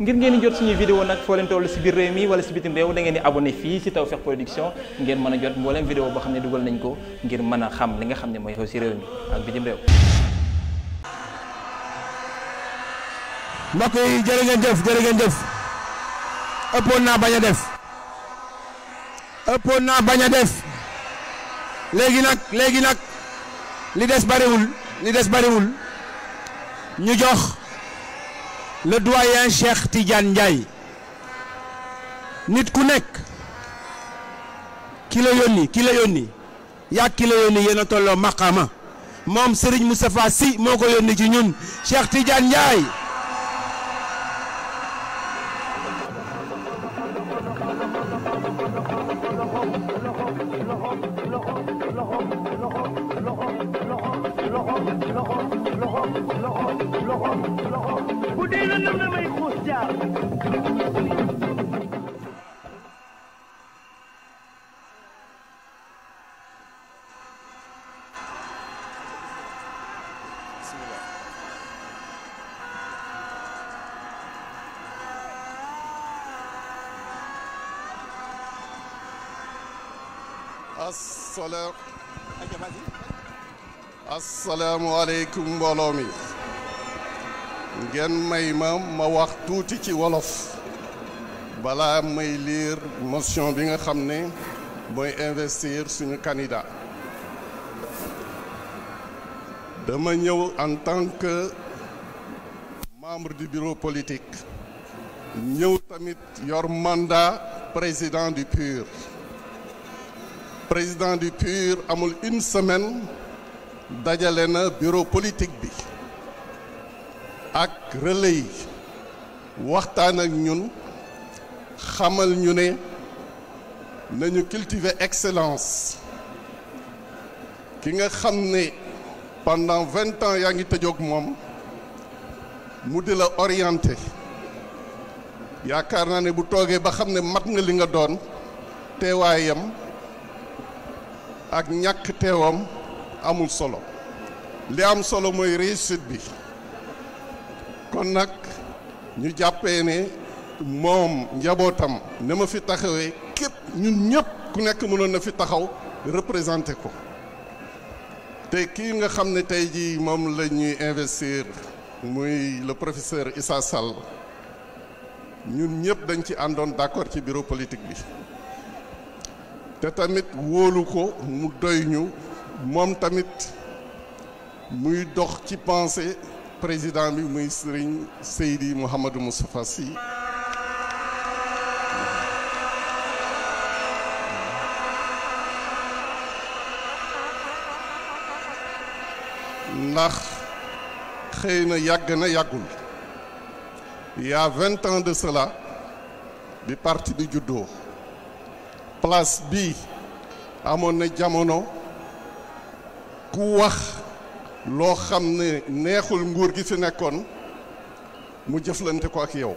ngir ngeen jot suñuy vidéo nag foo leen toll si biir réew mi wala si bitim réew da ngeen di abonné fii si Tawfekh Production ngeen mën a jot mbooleem vidéo boo xam ne dugal nañ ko ngir mën a xam li nga xam ne mooy xew si réew mi ak bitim réew mbokk yi jërë ngeen jëf jërë ëppoon naa bañ a def ëppoon naa bañ a def léegi nag léegi nag li des bariwul li des bariwul ñu jox le doyen Cheikh Tidiane nit ku nekk ki la yónni ki la yónni yaa ki la yónni yéen a tolloo maqaama moom Serigne Moustapha Sy moo ko yónni ci ñun Cheikh Tidiane Ndiaye. assalaamu assalaamu aleykum mbooloo mi ngeen may ma ma wax tuuti ci wolof balaa may liir motion bi nga xam ne mooy investir suñu candidat dama ñëw en tant que membre du bureau politique ñëw tamit yor mandat président du PUR président du PUR amul une semaine dajale na bureau politique bi ak relais yi waxtaan ak ñun xamal ñu ne nañu cultiver excellence ki nga xam ne pendant vingt ans yaa ngi tëjoog moom mu di la orienté yaakaar naa ne bu toogee ba xam ne mat nga li nga doon teewaayam ak ñàkk teewam amul solo li am solo mooy réussite bi kon nag ñu jàppee ne moom njabootam na ma fi taxawee képp ñun ñëpp ku nekk mënoon na fi taxaw représenté ko te kii nga xam ne tey jii moom la ñuy investir muy le professeur Issa Sall ñun ñëpp dañ ci àndoon d'accord ci bureau politique bi te tamit wóolu ko mu doy ñu moom tamit muy dox ci pensée président bi muy sëriñ Seydi Mouhamadou Moustapha Sy ndax xëy na yàgg na yàggul il y vingt ans de cela bi parti bi juddoo place bii amoon na jamono ku wax loo xam ne neexul nguur gi fi nekkoon mu jëflante ko ak yow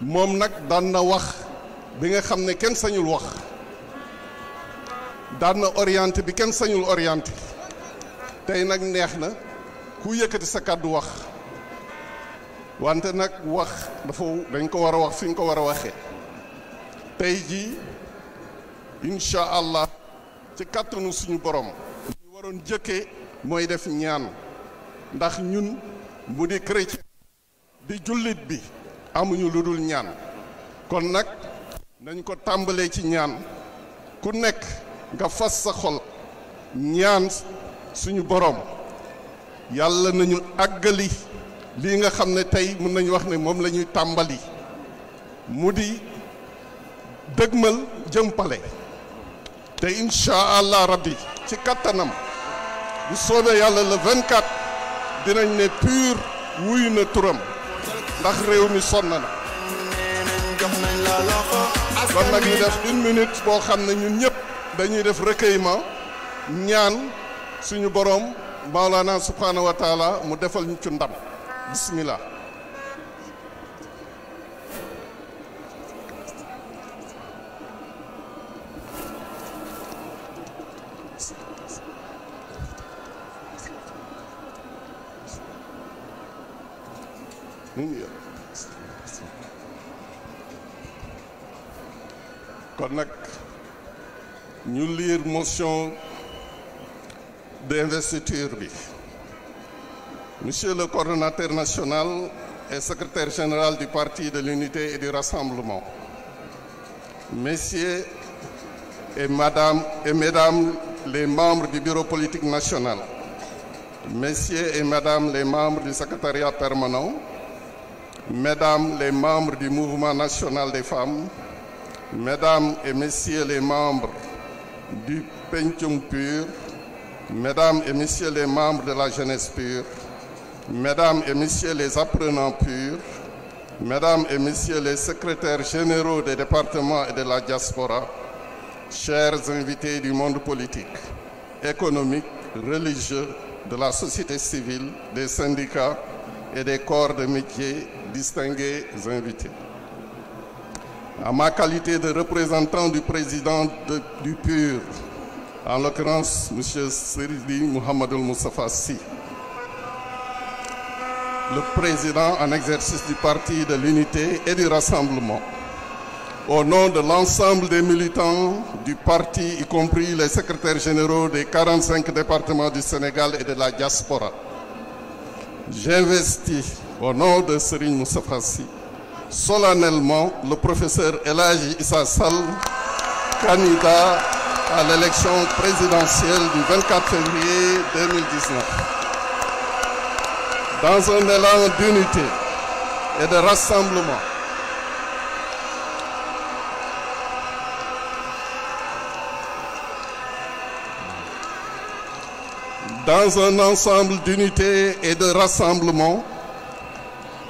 moom nag daan na wax bi nga xam ne kenn sañul wax daan na orienté bi kenn sañul orienté tey nag neex na ku yëkkati sa kàddu wax wante nag wax dafa dañ ko war a wax fi ñu ko war a waxe tey jii incha allah ci kàttanu suñu borom ñu waroon jëkkee mooy def ñaan ndax ñun bu di chrétien di jullit bi amuñu lu dul ñaan kon nag nañ ko tàmbalee ci ñaan ku nekk nga fas sa xol ñaan suñu boroom yàlla nañu àggali lii nga xam ne tey mën nañu wax ne moom lañuy tàmbali mu di dëgmal jëmpale pale te incha allah rabbi ci kattanam bu soobee yàlla le 24 dinañ ne PUR wuyu na turam ndax réew mi sonn na. kon nag ñu def boo xam ne ñun ñëpp dañuy def recueillement ñaan suñu boroom Maolana subhanahu wa taala mu defal ñu ci ndam bismillah. kon nag ñu liir motion d'investiture bi monsieur le coordonnateur national et secrétaire général du parti de l'unité et du rassemblement messieurs et madame et mesdames les membres du bureau politique national messieurs et madame les membres du secrétariat permanent Mesdames les membres du Mouvement national des femmes, Mesdames et Messieurs les membres du Pencum Pur, Mesdames et Messieurs les membres de la Jeunesse Pure, Mesdames et Messieurs les apprenants purs, Mesdames et Messieurs les secrétaires généraux des départements et de la diaspora, chers invités du monde politique, économiques religieux, de la société civile, des syndicats et des corps de métiers distingués invités. À ma qualité de représentant du président de, du PUR, en l'occurrence M. Seridi Mohamedou Moustapha Sy, le président en exercice du Parti de l'Unité et du Rassemblement, au nom de l'ensemble des militants du parti, y les secrétaires généraux des 45 départements du Sénégal et de la diaspora. j'investis au nom de Serigne Moustapha solennellement le professeur El Hadji Issa Sall candidat à l'élection présidentielle du 24 février 2019 dans un élan d'unité et de rassemblement dans un ensemble d'unité et de rassemblement,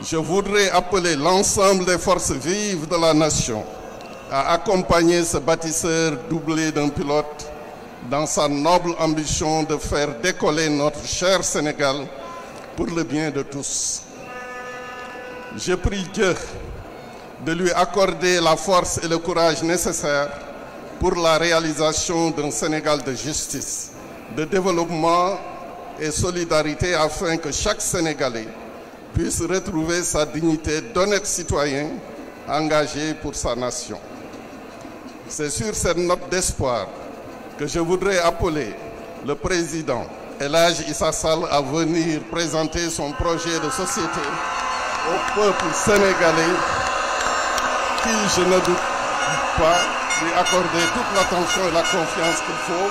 je voudrais appeler l'ensemble des forces vives de la nation à accompagner ce bâtisseur doublé d'un pilote dans sa noble ambition de faire décoller notre cher Sénégal pour le bien de tous. Je prie Dieu de lui accorder la force et le courage nécessaires pour la réalisation d'un Sénégal de justice de développement et solidarité afin que chaque Sénégalais puisse retrouver sa dignité d'honnête citoyen engagé pour sa nation. C'est sur cette note d'espoir que je voudrais appeler le président Elhadj Issa Sall à venir présenter son projet de société au peuple sénégalais qui, je ne doute pas, lui accorder toute l'attention et la confiance qu'il faut